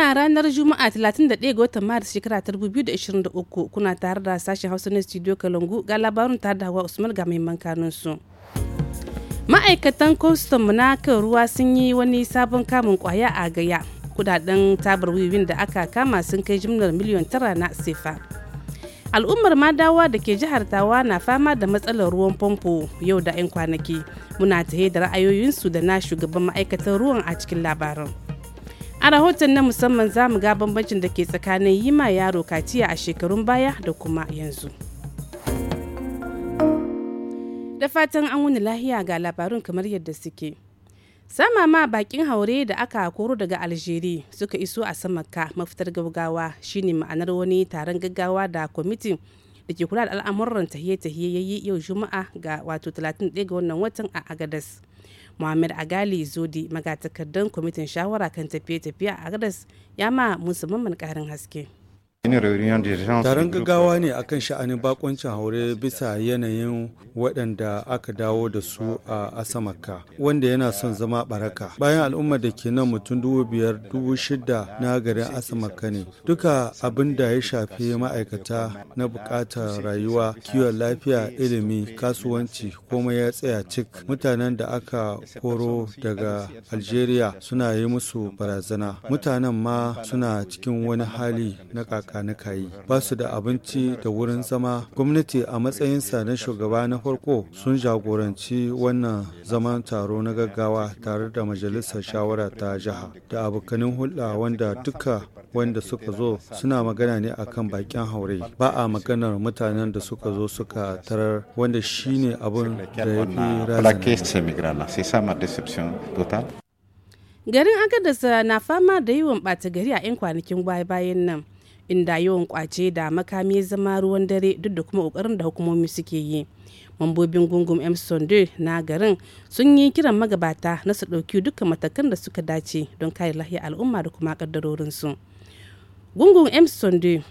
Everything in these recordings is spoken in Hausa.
Muna ranar Juma'a 31 ga watan Maris shekara 2023 kuna tare da sashen Hausa na Studio Kalangu ga labarin tare da Hawa Usman ga mahimman kanun su. Ma'aikatan kwastam na kan ruwa sun yi wani sabon kamun kwaya a gaya. Kudaden tabar wiwin da aka kama sun kai jimlar miliyan tara na sefa. Al'ummar Madawa da ke jihar Tawa na fama da matsalar ruwan famfo yau da 'yan kwanaki. Muna tahe da ra'ayoyinsu da na shugaban ma'aikatan ruwan a cikin labarin. a rahoton na musamman za mu ga bambancin da ke tsakanin yi ma yaro kaciya a shekarun baya da kuma yanzu da fatan an wuni lahiya ga labarun kamar yadda suke sama ma bakin haure da aka koro daga aljeri suka iso a ka mafitar gaggawa shine ma'anar wani taron gaggawa da kwamitin da ke kula da al'amuran tahiye-tahiye ya yau juma'a ga wato 31 ga wannan watan a agadas Muhammad Agali Zodi magatakardan kwamitin shawara kan tafiye-tafiye a Agnes ya ma musamman karin haske. Taron gaggawa ne akan sha'anin bakoncin haure bisa yanayin waɗanda aka dawo da su a Asamaka, wanda yana son zama baraka. Bayan al'umma da ke nan mutum dubu biyar dubu shida na garin Asamaka ne. Duka abin da ya shafi ma'aikata na buƙatar rayuwa, kiwon lafiya, ilimi, kasuwanci, komai ya tsaya cik. Mutanen da aka koro daga Algeria suna yi musu barazana. Mutanen ma suna cikin wani hali na kaka. kanikayi ba su da abinci da wurin zama gwamnati a matsayinsa na shugaba na farko sun jagoranci wannan zaman taro na gaggawa tare da majalisar shawara ta jiha da abokanin hulɗa wanda duka wanda suka zo suna magana ne akan bakin haure ba a maganar mutanen da suka zo suka tarar wanda shine abin da ya fi Garin Agadasa na fama da yiwon ɓata gari a 'yan kwanakin baya-bayan nan. inda yawan kwace da makami zama ruwan dare duk da kuma kokarin da hukumomi suke yi mambobin gungun m na garin sun yi kiran magabata na su ɗauki dukkan matakan da suka dace don kare lahiyar al'umma da kuma ƙaddarorinsu gungun m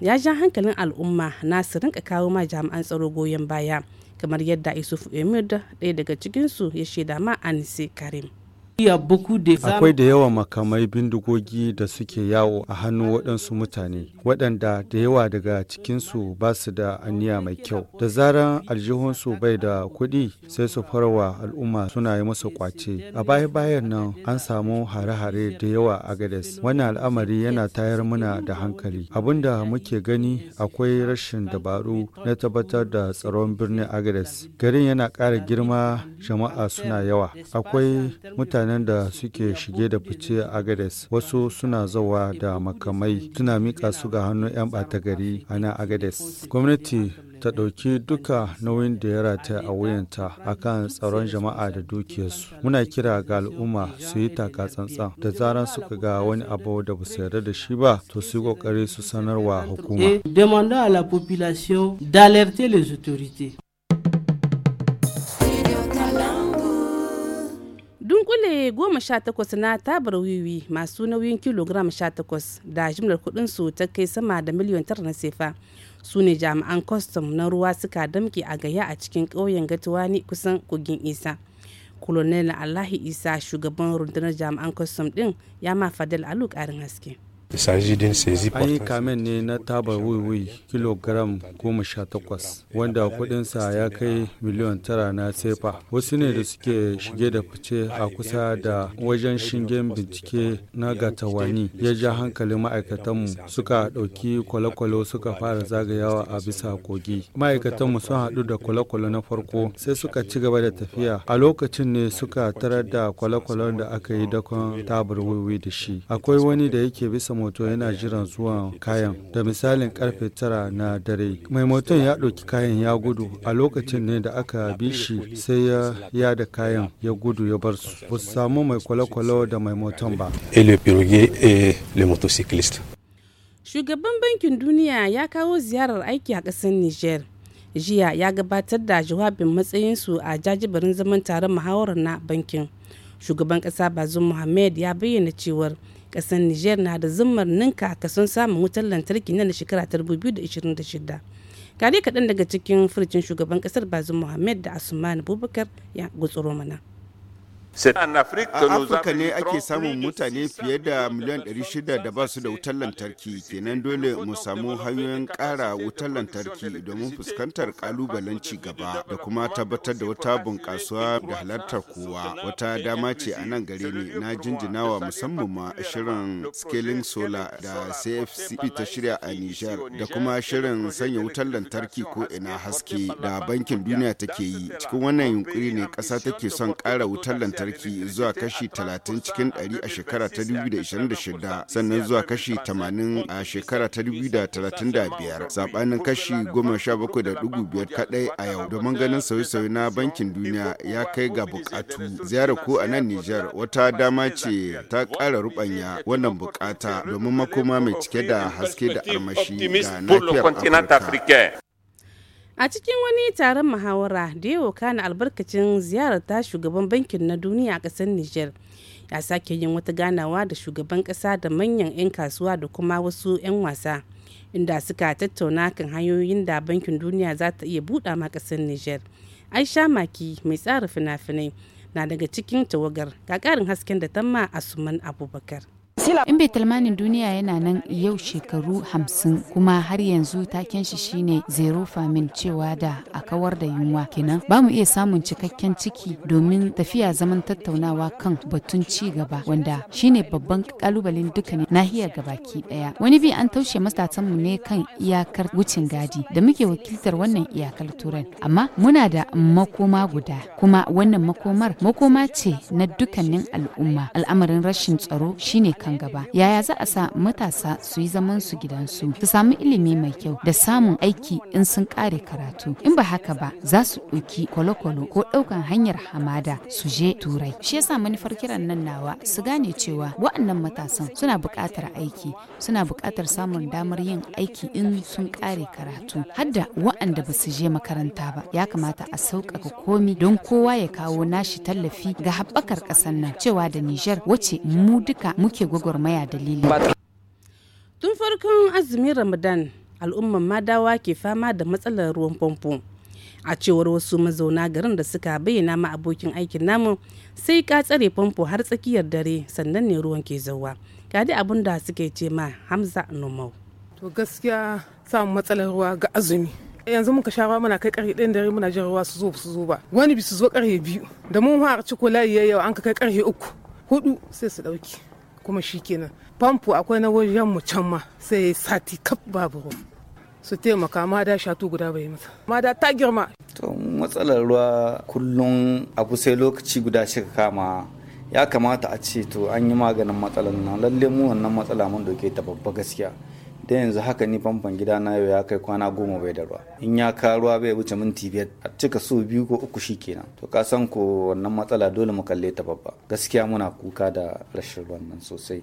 ya ja hankalin al'umma na su rinka kawo ma jami'an tsaro goyon baya kamar yadda isufu emir ɗaya daga cikinsu ya shaida ma anise karim Akwai da yawan makamai bindigogi da suke yawo a hannu waɗansu mutane, waɗanda da yawa daga cikinsu ba su da aniya mai kyau. Da zaran aljihunsu bai da kuɗi sai su farwa al'umma suna yi musu kwace. A baya-bayan nan an samu hare-hare da yawa a Gades. Wani al'amari yana tayar mana da hankali. Abin da muke gani akwai rashin dabaru na tabbatar da tsaron birnin Agades. Garin yana ƙara girma, jama'a suna yawa. Akwai mutane mutanen da suke shige da fice a Agades wasu suna zawa da makamai suna mika su ga hannun 'yan ɓata gari a na Agades. Gwamnati ta ɗauki duka nauyin da ya rataya a wuyanta akan tsaron jama'a da dukiyarsu muna kira ga al'umma su yi taka tsantsan da zaran suka ga wani abu da ba su yarda da shi ba to su yi kokari su sanarwa hukuma dunkule goma sha takwas na tabar wiwi masu nauyin kilogram sha takwas da jimlar kudin su ta kai sama da miliyon tara na sefa su ne jami'an kwastam na ruwa suka damke a gaya a cikin ƙauyen gatuwani kusan kogin isa kolonel allahi isa shugaban rundunar jami'an kwastam din ya ma fadal alu haske a yi kamen ne na tabar wuiwui kilogram goma sha takwas wanda kudinsa ya kai miliyan tara na sefa. Wasu ne da suke shige da fice a kusa da wajen shingen bincike na gatawani ya ja hankalin ma'aikatanmu suka ɗauki kwale suka fara zagayawa a bisa kogi. Ma'aikatanmu sun haɗu da kwale na farko sai suka ci gaba da tafiya. A lokacin ne suka tarar da kwale da aka yi dakon tabar wuiwui da shi. Akwai wani da yake bisa moto yana jiran zuwa kayan da misalin karfe tara na dare mai moton ya ɗauki kayan ya gudu a lokacin ne da aka bi shi sai ya yada kayan ya gudu ya bar su ba su samu mai kwale-kwale da mai moton ba shugaban bankin duniya ya kawo ziyarar aiki a ƙasar niger jiya ya gabatar da jawabin matsayinsu a jajibarin zaman taron muhawarar na bankin shugaban ƙasa bazum muhammad ya bayyana cewar kasar niger na da zummar ninka kasan samun wutar lantarki na shekara ta 2026 kare kaɗan daga cikin furcin shugaban kasar bazin Mohammed da asuman bubakar ya gutsuro mana a afirka ne ake samun mutane fiye da miliyan 600 da ba su da wutar lantarki kenan dole mu samu hanyoyin kara wutar lantarki domin fuskantar ƙalubalen ci gaba da kuma tabbatar da wata bunkasuwa da halartar kowa wata dama ce a nan gare ne na jinjinawa musamman ma shirin scaling solar da cfc ta shirya a niger da kuma shirin sanya wutar lantarki ko ina haske da bankin duniya take yi cikin wannan yunkuri ne ƙasa take son kara wutar lantarki sarki zuwa kashi 30 cikin 100 a shekara ta 2026 sannan zuwa kashi 80 a shekara ta 2035 sabanin kashi 17.5 kadai a yau domin ganin sauye-sauye na bankin duniya ya kai ga bukatu ziyarar ko a nan Nijar wata dama ce ta kara rubanya wannan bukata domin makoma mai cike da haske da armashi da nafiyar Afirka. a cikin wani taron muhawara da ya na albarkacin ziyarar ta shugaban bankin na duniya a ƙasar niger ya sake yin wata ganawa da shugaban ƙasa da manyan 'yan kasuwa da kuma wasu 'yan wasa inda suka tattauna kan hanyoyin da bankin duniya za ta iya buɗa ma ƙasar niger aisha maki mai tsara fina-finai na daga cikin tawagar ga ƙarin hasken da tamma asuman abubakar In bai duniya yana nan yau shekaru hamsin kuma har yanzu taken shi shine zero famin cewa da a kawar da yunwa kenan ba mu iya samun cikakken ciki domin tafiya zaman tattaunawa kan batun ci gaba wanda shine babban kalubalen dukkanin nahiyar gabaki daya wani bi an taushe matatan mu ne kan iyakar wucin gadi da muke wakiltar wannan iyakar turai amma muna da makoma guda kuma wannan makomar makoma ce na dukkanin al'umma al'amarin rashin tsaro shine kan nan gaba yaya za a sa matasa su yi zaman su gidansu su samu ilimi mai kyau da samun aiki in sun kare karatu in ba haka ba za su ɗauki kwalokwalo ko ɗaukan hanyar hamada su je turai shi yasa manufar kiran nan nawa su gane cewa wa'annan matasan suna buƙatar aiki suna buƙatar samun damar yin aiki in sun kare karatu hadda waɗanda ba su je makaranta ba ya kamata a sauƙaƙa komi don kowa ya kawo nashi tallafi ga haɓakar ƙasar nan cewa da Nijar wace mu duka muke gwagwarmaya gwagwarmaya dalili tun farkon azumin ramadan al'umman madawa ke fama da matsalar ruwan famfo a cewar wasu mazauna garin da suka bayyana ma abokin aikin namu sai ka tsare famfo har tsakiyar dare sannan ne ruwan ke zauwa ga abin da suke ce ma hamza numau to gaskiya samun matsalar ruwa ga azumi yanzu muka sha ruwa muna kai karfe ɗayan dare muna jin ruwa su zo su zo ba wani bi su zo karfe biyu da mun fara ciko layi yawa an ka kai karfe uku hudu sai su ɗauki kuma shi kenan famfo akwai na wajen mu can ma sai sati kaf babu ruwa su taimaka ma da shatu guda bai mata ma da ta girma to matsalar ruwa kullum abu sai lokaci guda shi kama ya kamata a ce to an yi maganin matsalar nan lalle mu wannan matsala mun doke ta babba gaskiya da yanzu haka ni famfon gida na yau ya kai kwana goma bai da ruwa in ya ka ruwa bai wuce minti biyar a cika so biyu ko uku shi kenan to ka san ko wannan matsala dole mu kalle ta babba gaskiya muna kuka da rashin ruwan nan sosai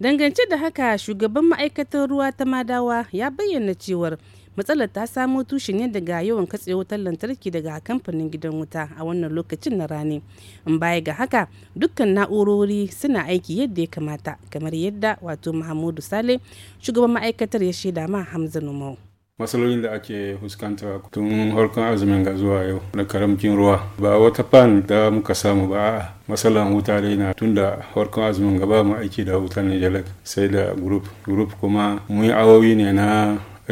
dangance da haka shugaban ma'aikatar ruwa ta madawa ya bayyana cewar matsalar ta samo tushen ne daga yawan katse wutar lantarki daga kamfanin gidan wuta a wannan lokacin na rani in baya ga haka dukkan na'urori suna aiki yadda ya kamata kamar yadda wato mahamudu sale shugaban ma'aikatar ya shaida ma hamza numau matsalolin da ake fuskanta tun harkar azumin ga zuwa yau na karamcin ruwa ba wata fan da muka samu ba matsalan wuta dai na tun da harkar azumin gaba mu aiki da wutar nijalak sai da gurup gurup kuma mun yi awowi ne na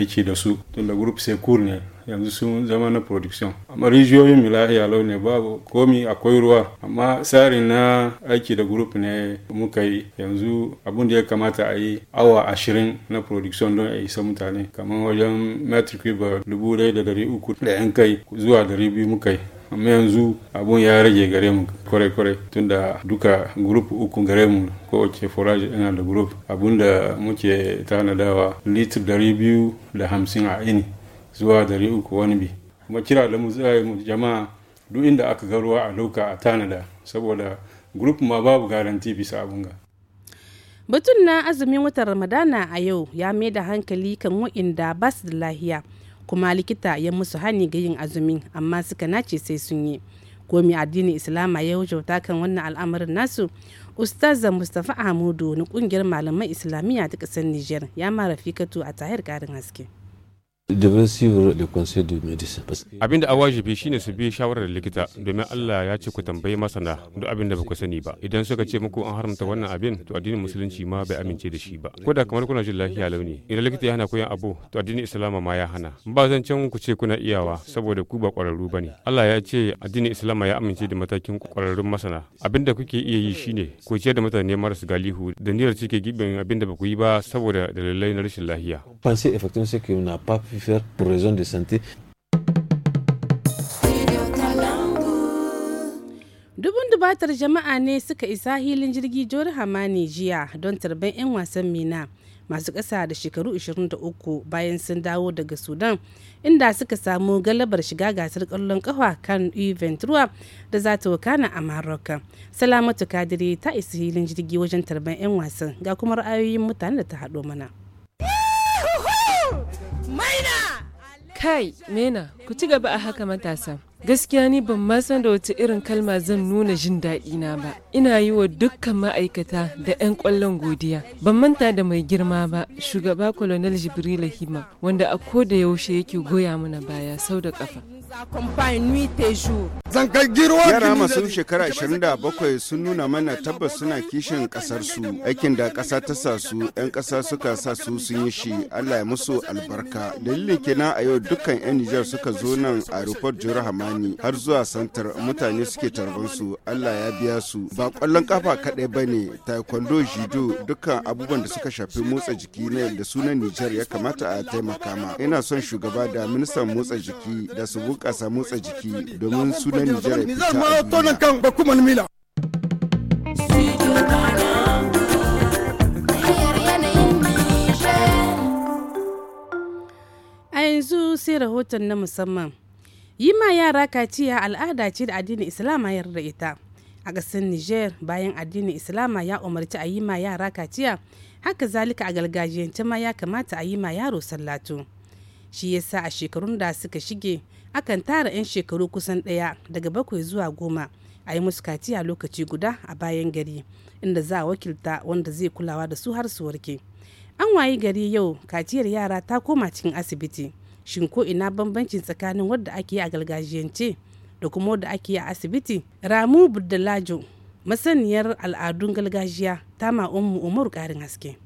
aiki da su da group secure ne yanzu sun zama na production amma rijiyoyin milahiya lau ne babu komi akwai ruwa amma tsarin na aiki da group ne muka yi yanzu abin da ya kamata a yi awa ashirin na production don a isa mutane kamar wajen metric dubu ɗaya da dari uku da yan kai zuwa dari biyu muka yi amma yanzu abun ya rage gare mu kore-kore tun tunda duka grup uku gare mu ce forage yana da grup da muke tanadawa litir dari biyu da hamsin a ini zuwa dari uku wani bi kuma kira da mu jama'a duk inda aka ga ruwa a lauka a tanada saboda grup ma babu garanti bisa abun ga batun na azumin watan ramadana a yau ya mai da hankali kan wa'inda ba su da lahiya kuma likita ya musu hani ga yin azumi amma suka nace sai sun yi komi addinin islama ya wajauta kan wannan al'amarin nasu ustaza mustafa Ahmadu na kungiyar malaman islamiyya ta kasar niger ya mara fikatu a tahir karin haske Abin da a wajibi shine su bi shawarar likita domin Allah ya ce ku tambayi masana duk abin da baku sani ba. Idan suka ce muku an haramta wannan abin to addinin musulunci ma bai amince da shi ba. Ko da kamar kuna jin lafiya launi idan likita ya hana ku yin abu to addinin Islama ma ya hana. Ba zan can ku ce kuna iyawa saboda ku ba kwararru ne. Allah ya ce addinin Islama ya amince da matakin kwararrun masana. Abin da kuke iya yi shine ku ciyar da mutane marasu galihu da niyyar cike gibin abin da baku yi ba saboda dalilai na rashin lafiya. Pensez faire pour raison de santé. Dubun dubatar jama'a ne suka isa hilin jirgi Jori Hamani jiya don tarban 'yan wasan Mina masu ƙasa da shekaru 23 bayan sun dawo daga Sudan inda suka samu galabar shiga gasar ƙwallon ƙafa kan Ventura da za ta wakana a Maroka. Salamatu Kadiri ta isa hilin jirgi wajen tarban 'yan wasan ga kuma ra'ayoyin mutane da ta haɗo mana. Kai, Mena, ku ci gaba a haka matasa. Gaskiya ni ban ma san da wata irin kalma zan nuna jin daɗi na ba. ina yi wa dukkan ma'aikata da 'yan kwallon godiya ban manta da mai girma ba shugaba colonel jibril hima wanda a ko da yaushe yake goya mana baya sau da kafa yara masu shekara 27 sun nuna mana tabbas suna kishin kasarsu aikin da kasa ta sa su 'yan kasa suka sa su sun yi shi allah ya musu albarka dalilin kenan a yau dukkan 'yan nijar suka zo nan a rufar jura hamani har zuwa santar mutane suke tarbansu allah ya biya su ba kwallon kafa kaɗai ba ne taekwondo judo dukkan abubuwan da suka shafi motsa jiki ne da sunan nijar ya kamata a taimaka ma ina son shugaba da ministan motsa jiki da su bunƙasa motsa jiki domin sunan nijar ya a yanzu sai rahoton na musamman yi ma yara kaciya al'ada ce da addinin islam yarda ita a ƙasar niger bayan addinin islama ya umarci a yi ma yara kaciya haka zalika a gargajiyance ma ya kamata a yi ma yaro sallatu shi yasa a shekarun da suka shige akan tara 'yan shekaru kusan ɗaya daga bakwai zuwa goma a yi musu kaciya lokaci guda a bayan gari inda za a wakilta wanda zai kulawa da su har su warke an wayi gari yau kaciyar yara ta koma cikin asibiti shin ko ina bambancin tsakanin wadda ake yi a gargajiyance da kuma da ake yi a asibiti ramu budalajo masaniyar al'adun gargajiya ta ma umar karin haske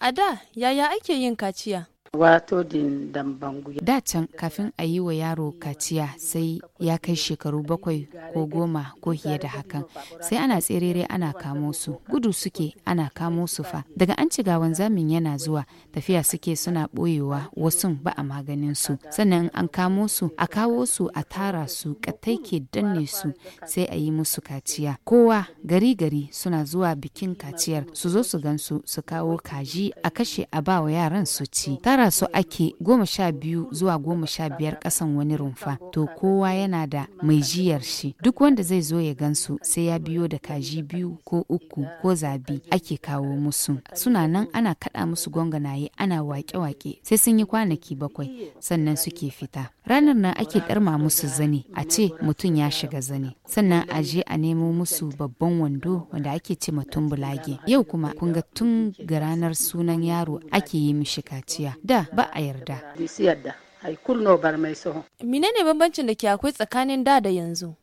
a da yaya ake yin kaciya Wato din dambangu. Da can kafin a yi wa yaro kaciya sai ya kai shekaru bakwai ko goma ko fiye da hakan sai ana tserere ana kamo su gudu suke ana kamo su fa daga an ci gawan zamin yana zuwa tafiya suke suna boyewa wasun ba a maganin su sannan an kamo su a kawo su a tara su kattai ke danne su sai a yi musu kaciya kowa gari gari suna zuwa bikin kaciyar su zo su gansu su kawo kaji a kashe a ba wa yaran su ci tara sa su ake goma sha biyu zuwa goma sha biyar kasan wani rumfa to kowa yana da mai jiyar shi duk wanda zai zo ya gansu sai ya biyo da kaji biyu ko uku ko zabi ake kawo musu suna nan ana kaɗa musu gwangwanaye ana wake-wake sai sun yi kwanaki bakwai sannan suke fita ranar na ake ɗarma musu zane a ce mutum ya shiga zane sannan a je a nemo musu babban wando wanda ake ce mutum bulage yau kuma kun tun ga ranar sunan yaro ake yi mishi kaciya da ba a yarda. Menene bambancin da ke akwai tsakanin da da yanzu?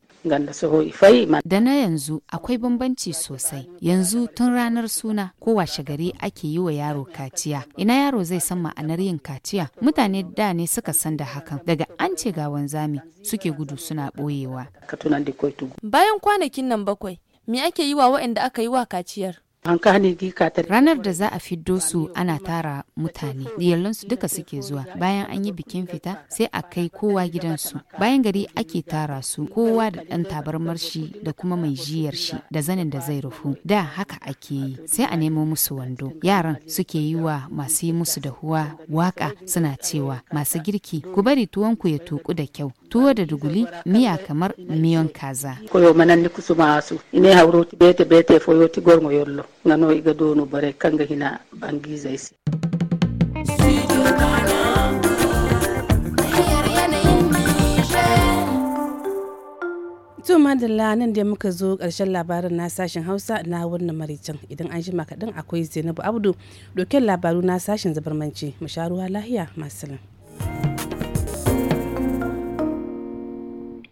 da na yanzu akwai bambanci sosai yanzu tun ranar suna ko washe gari ake yi wa yaro kaciya ina yaro zai san ma'anar yin kaciya mutane da ne suka san da hakan daga an ce ga wanzami suke gudu suna boyewa bayan kwanakin nan bakwai me ake yi wa waɗanda aka yi wa kaciyar Ranar da za a fiddo su ana tara mutane, diyallansu duka suke zuwa bayan an yi bikin fita sai a kai kowa gidansu. Bayan gari ake tara su kowa da ɗan tabarmar shi da kuma mai jiyar shi da zanin da zai rufu. Da haka ake yi sai a nemo musu wando. Yaran suke yi wa masu yi musu dahuwa waka suna cewa masu girki ku bari tuwonku ya tuku da kyau tuwo da duguli miya kamar miyan kaza koyo mananni kusuma asu ine hawroti bete bete foyoti gorgo yollo ngano iga donu bare kanga hina bangi zaisi To madalla nan da muka zo ƙarshen labarin na sashen Hausa na wannan maricin idan an jima kaɗan akwai Zainabu Abdu doken labaru na sashen zabarmanci mu sha ruwa lahiya masu